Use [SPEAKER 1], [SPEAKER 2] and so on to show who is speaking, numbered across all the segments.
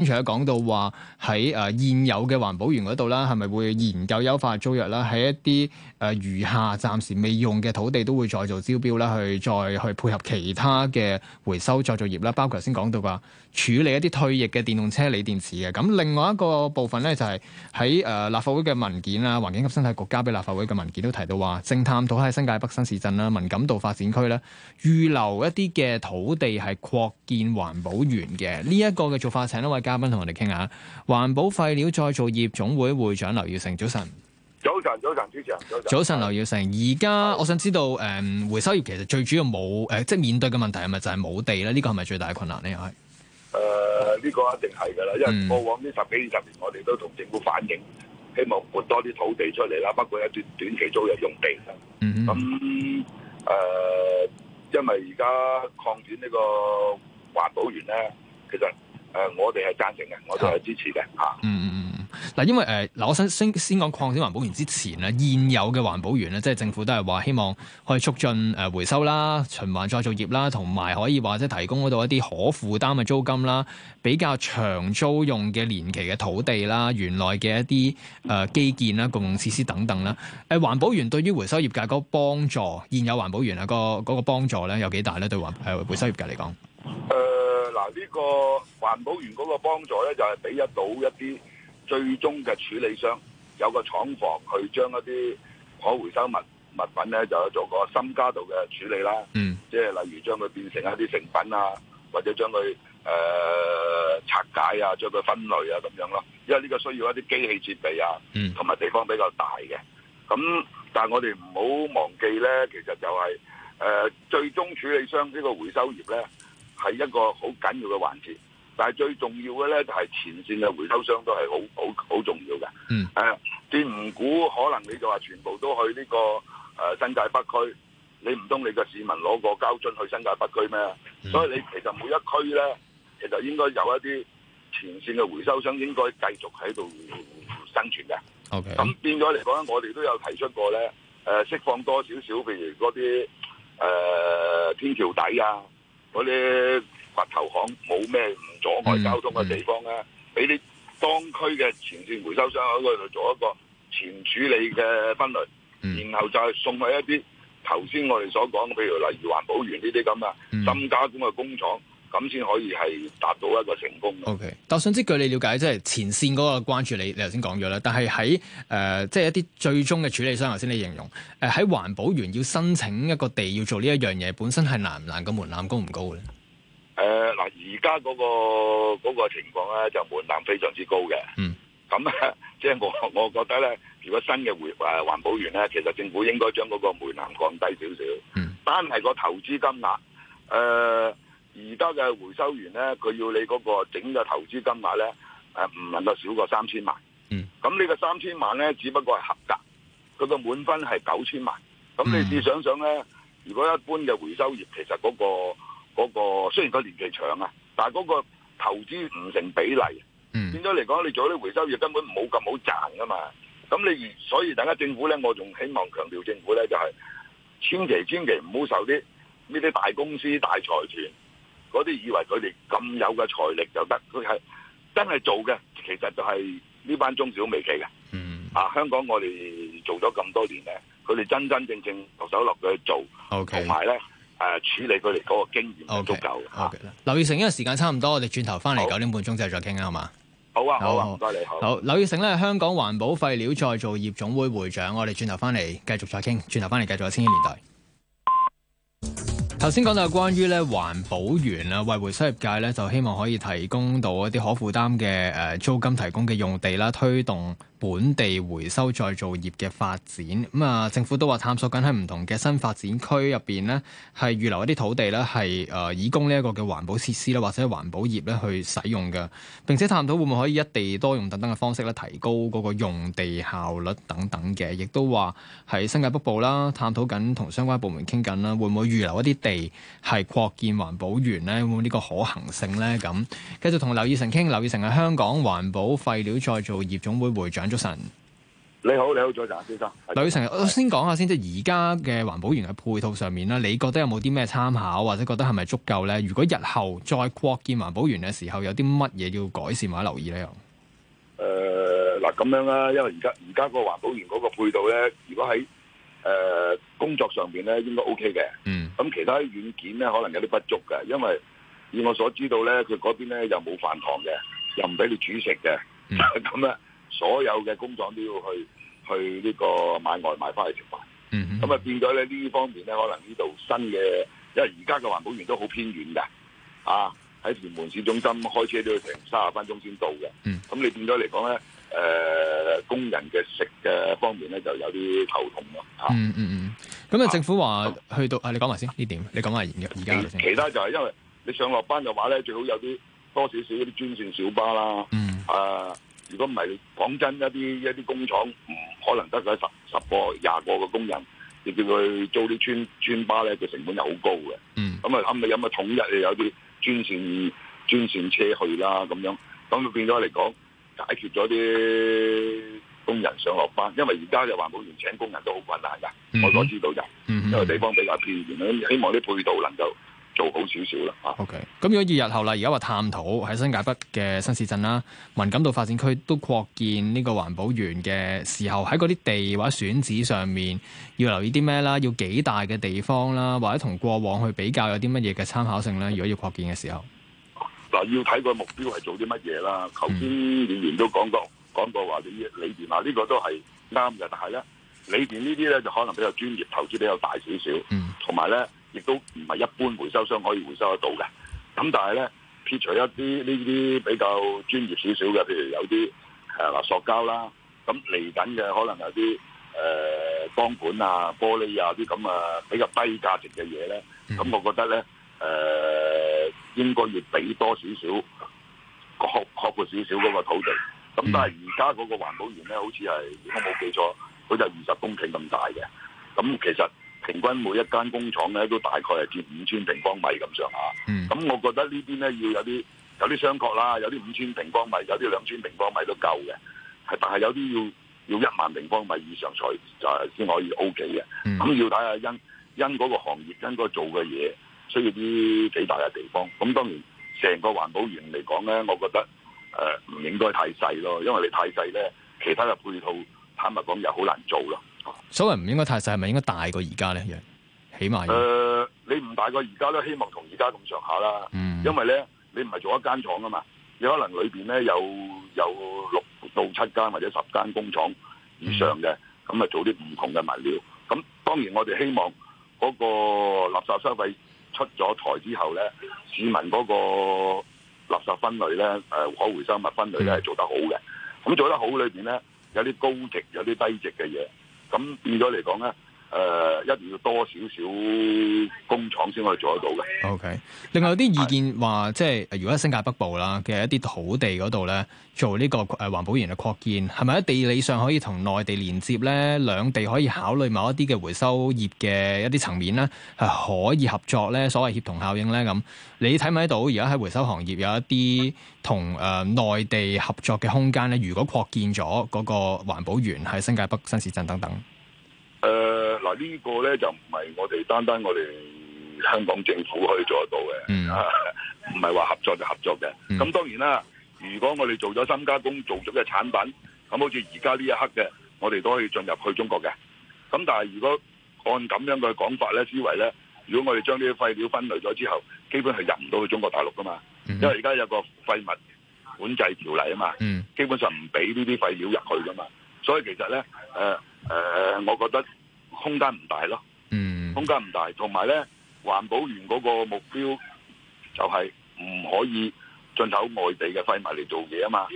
[SPEAKER 1] 先除咗講到話喺誒現有嘅環保園嗰度啦，係咪會研究優化租約啦？喺一啲誒餘下暫時未用嘅土地都會再做招標啦，去再去配合其他嘅回收再造業啦。包括頭先講到話處理一啲退役嘅電動車鋰電池嘅。咁另外一個部分咧就係喺誒立法會嘅文件啊，環境及生態局交俾立法會嘅文件都提到話正探討喺新界北新市鎮啦、文錦渡發展區啦預留一啲嘅土地係擴建環保園嘅。呢、這、一個嘅做法，請一位，嘉賓同我哋傾下環保廢料再造業總會會長劉耀成，早晨，早晨，早晨，早晨，早晨，早晨，早晨劉耀成，而家我想知道，誒、嗯，回收業其實最主要冇誒、呃，即係面對嘅問題係咪就係冇地咧？呢、這個係咪最大嘅困難呢？又係誒，呢、
[SPEAKER 2] 這個一定係噶啦因為過往呢十幾、嗯、二十年，我哋都同政府反映，希望撥多啲土地出嚟啦。不過一段短期租約用地啦。咁誒，因為而家擴展呢個環保園咧，其實。誒、呃，我哋係贊成嘅，
[SPEAKER 1] 我係支持嘅嚇的、嗯。嗯嗯嗯嗱，因為誒嗱、呃，我想先先講擴展環保園之前咧，現有嘅環保園咧，即係政府都係話希望可以促進誒回收啦、循環再造業啦，同埋可以或者提供嗰度一啲可負擔嘅租金啦、比較長租用嘅年期嘅土地啦、園內嘅一啲誒、呃、基建啦、共用設施等等啦。誒、呃、環保園對於回收業界嗰幫助，現有環保園啊、那個嗰、那個幫助咧有幾大咧？對環誒回收業界嚟講？誒、
[SPEAKER 2] 呃。嗱，呢、啊這個環保園嘅幫助咧，就係俾得到一啲最終嘅處理商有個廠房去將一啲可回收物物品咧，就做個深加工嘅處理啦。嗯，即係例如將佢變成一啲成品啊，或者將佢誒、呃、拆解啊，將佢分類啊咁樣咯。因為呢個需要一啲機器設備啊，同埋、嗯、地方比較大嘅。咁但係我哋唔好忘記咧，其實就係、是、誒、呃、最終處理商呢個回收業咧。係一個好緊要嘅環節，但係最重要嘅咧就係前線嘅回收商都係好好好重要嘅。嗯，誒、啊，斷估可能你就話全部都去呢、這個誒、呃、新界北區，你唔通你個市民攞個膠樽去新界北區咩？嗯、所以你其實每一區咧，其實應該有一啲前線嘅回收商應該繼續喺度生存嘅。O K. 咁變咗嚟講，我哋都有提出過咧，誒、呃，釋放多少少，譬如嗰啲誒天橋底啊。嗰啲白頭巷冇咩唔阻礙交通嘅地方咧，俾啲、嗯嗯、當區嘅前線回收商喺嗰度做一個前處理嘅分類，嗯、然後就係送去一啲頭先我哋所講，譬如例如，如環保園呢啲咁啊，深加工嘅工廠。咁先可以係達到一個成功。
[SPEAKER 1] OK。但我想知據你了解，即係前線嗰個關注你，你頭先講咗啦。但係喺誒，即係一啲最終嘅處理商，頭先你形容誒，喺環保園要申請一個地要做呢一樣嘢，本身係難唔難？個門檻高唔高咧？
[SPEAKER 2] 誒嗱，而家嗰個嗰個情況咧，就門檻非常之高嘅。嗯。咁咧，即係我我覺得咧，如果新嘅環誒環保園咧，其實政府應該將嗰個門檻降低少少。嗯。單係個投資金額，誒。而家嘅回收員呢，佢要你嗰個整嘅投資金額、啊、呢，誒、啊、唔能夠少過三千萬。嗯，咁呢個三千萬呢，只不過係合格，佢個滿分係九千萬。咁你試想想呢，如果一般嘅回收業，其實嗰、嗰個嗰、嗰個雖然個年期長啊，但係嗰個投資唔成比例。嗯，變咗嚟講，你做啲回收業根本冇咁好賺㗎嘛。咁你所以大家政府呢，我仲希望強調政府呢，就係、是、千祈千祈唔好受啲呢啲大公司大財團。嗰啲以為佢哋咁有嘅財力就得，佢係真係做嘅，其實就係呢班中小微企嘅。嗯啊，香港我哋做咗咁多年咧，佢哋真真正正落手落去做。O K。同埋咧，誒、啊、處理
[SPEAKER 1] 佢哋嗰個經驗都足夠嚇。Okay, okay，啊、劉耀成，因為時間差唔多，我哋轉頭翻嚟九點半鐘之後再傾啊，好嘛？好啊，好，吧好啊，唔該、啊、你。好，好劉耀成咧係香港環保廢料再造業總會，會會長，我哋轉頭翻嚟繼續再傾，轉頭翻嚟繼續《千禧年代》。頭先講到關於咧環保園啦，為回收業界咧，就希望可以提供到一啲可負擔嘅誒租金，提供嘅用地啦，推動本地回收再造業嘅發展，咁啊，政府都話探索緊喺唔同嘅新發展區入邊咧，係預留一啲土地咧，係、呃、誒以供呢一個嘅環保設施啦，或者環保業咧去使用嘅。並且探討會唔會可以一地多用等等嘅方式咧，提高嗰個用地效率等等嘅。亦都話喺新界北部啦，探討緊同相關部門傾緊啦，會唔會預留一啲地係擴建環保園咧？會唔會呢個可行性咧？咁繼續同劉耀成傾，劉耀成係香港環保廢料再造業總會會長。早晨，
[SPEAKER 2] 你好，你好，佐證先生。
[SPEAKER 1] 早晨，旅程是我先講下先，即係而家嘅環保園嘅配套上面啦，你覺得有冇啲咩參考，或者覺得係咪足夠咧？如果日後再擴建環保園嘅時候，有啲乜嘢要改善或者留意咧？又、
[SPEAKER 2] 呃，誒，嗱，咁樣啦，因為而家而家個環保園嗰個配套咧，如果喺誒、呃、工作上邊咧，應該 OK 嘅。嗯。咁其他軟件咧，可能有啲不足嘅，因為以我所知道咧，佢嗰邊咧又冇飯堂嘅，又唔俾你煮食嘅，咁咧、嗯。所有嘅工廠都要去去呢個買外賣翻去食飯，mm，咁、hmm. 啊變咗咧，呢方面咧，可能呢度新嘅，因為而家嘅環保園都好偏遠嘅，啊喺屯門市中心開車都要停三十分鐘先到嘅。咁你、mm hmm. 變咗嚟講咧，誒、呃、工人嘅食嘅方面咧就有啲頭痛咯，嗯嗯嗯，
[SPEAKER 1] 咁、hmm. 啊那政府話去到啊，你講埋先呢點，你講埋而家先，其
[SPEAKER 2] 他就係、是、因為你上落班嘅話咧，最好有啲多少少啲專線小巴啦，mm hmm. 啊。如果唔係講真，一啲一啲工廠唔可能得十十個、廿個嘅工人，你叫佢租啲村村巴咧，佢成本就好高嘅。嗯，咁啊，咁咪有咪統一，有啲專線專線車去啦，咁樣等就變咗嚟講解決咗啲工人上落班，因為而家嘅環保園請工人都好困難㗎，嗯、我所知道就是嗯、因為地方比較偏遠，希望啲配套能夠。做好少少啦，嚇。O K.
[SPEAKER 1] 咁如果二日後啦，而家話探討喺新界北嘅新市鎮啦、文錦渡發展區都擴建呢個環保園嘅時候，喺嗰啲地或者選址上面要留意啲咩啦？要幾大嘅地方啦，或者同過往去比較有啲乜嘢嘅參考性咧？如果要擴建嘅時候，
[SPEAKER 2] 嗱要睇個目標係做啲乜嘢啦。頭先議員都講過講過話，你你邊啊？呢、這個都係啱嘅，但係咧，裏邊呢啲咧就可能比較專業，投資比較大少少，嗯，同埋咧。亦都唔係一般回收商可以回收得到嘅，咁但係咧，撇除一啲呢啲比較專業少少嘅，譬如有啲係、呃、塑膠啦，咁嚟緊嘅可能有啲誒鋼管啊、玻璃啊啲咁啊比較低價值嘅嘢咧，咁我覺得咧誒、呃、應該要俾多少少擴擴闊少少嗰個土地，咁但係而家嗰個環保園咧好似係如果冇記錯，好似係二十公頃咁大嘅，咁其實。平均每一間工廠咧都大概係佔五千平方米咁上下，咁、嗯、我覺得呢邊咧要有啲有啲商確啦，有啲五千平方米，有啲兩千平方米都夠嘅，係但係有啲要要一萬平方米以上才就係先可以 O K 嘅。咁、嗯、要睇下因因嗰個行業、因個做嘅嘢需要啲幾大嘅地方。咁當然成個環保園嚟講咧，我覺得誒、呃、唔應該太細咯，因為你太細咧，其他嘅配套坦白講又好難做咯。
[SPEAKER 1] 所謂唔應該太細，係咪應該大過而家咧？起碼誒、呃，
[SPEAKER 2] 你唔大過而家都希望同而家咁上下啦。嗯，因為咧，你唔係做一間廠啊嘛，有可能裏邊咧有有六到七間或者十間工廠以上嘅，咁啊、嗯、做啲唔同嘅物料。咁當然我哋希望嗰個垃圾收費出咗台之後咧，市民嗰個垃圾分類咧誒可回收物分類咧係做得好嘅。咁做得好裏邊咧有啲高值，有啲低值嘅嘢。咁變咗嚟講咧。誒、呃，一定要多少少工廠先可以做
[SPEAKER 1] 得到嘅。OK，另外有啲意見話，即係如果喺新界北部啦嘅一啲土地嗰度咧，做呢個誒環保園嘅擴建，係咪喺地理上可以同內地連接咧？兩地可以考慮某一啲嘅回收業嘅一啲層面咧，係可以合作咧，所謂協同效應咧咁。你睇唔睇到？而家喺回收行業有一啲同誒內地合作嘅空間咧？如果擴建咗嗰個環保園喺新界北新市鎮等等。
[SPEAKER 2] 呢個咧就唔係我哋單單我哋香港政府可以做得到嘅，唔係話合作就合作嘅。咁、嗯、當然啦，如果我哋做咗深加工、做咗嘅產品，咁好似而家呢一刻嘅，我哋都可以進入去中國嘅。咁但係如果按咁樣嘅講法咧、思維咧，如果我哋將呢啲廢料分類咗之後，基本係入唔到去中國大陸噶嘛，嗯、因為而家有個廢物管制條例啊嘛，嗯、基本上唔俾呢啲廢料入去噶嘛。所以其實咧，誒、呃、誒、呃，我覺得。空間唔大咯，空間唔大，同埋咧，環保園嗰個目標就係唔可以進口外地嘅廢物嚟做嘢啊嘛，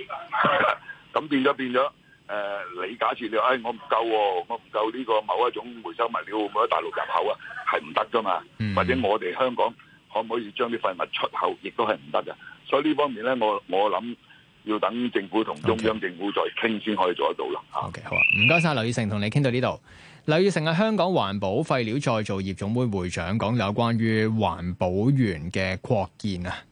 [SPEAKER 2] 咁 變咗變咗，誒、呃，你假設你誒我唔夠喎，我唔夠呢、哦、個某一種回收物料喺大陸入口啊，係唔得噶嘛， 或者我哋香港可唔可以將啲廢物出口，亦都係唔得噶，所以呢方面咧，我我諗。要等政府同中央政府再傾先可以做得到啦。Okay.
[SPEAKER 1] 啊、OK，好啊，唔該晒。劉耀成，同你傾到呢度。劉耀成係香港環保廢料再造業總會會長，講有關於環保園嘅擴建啊。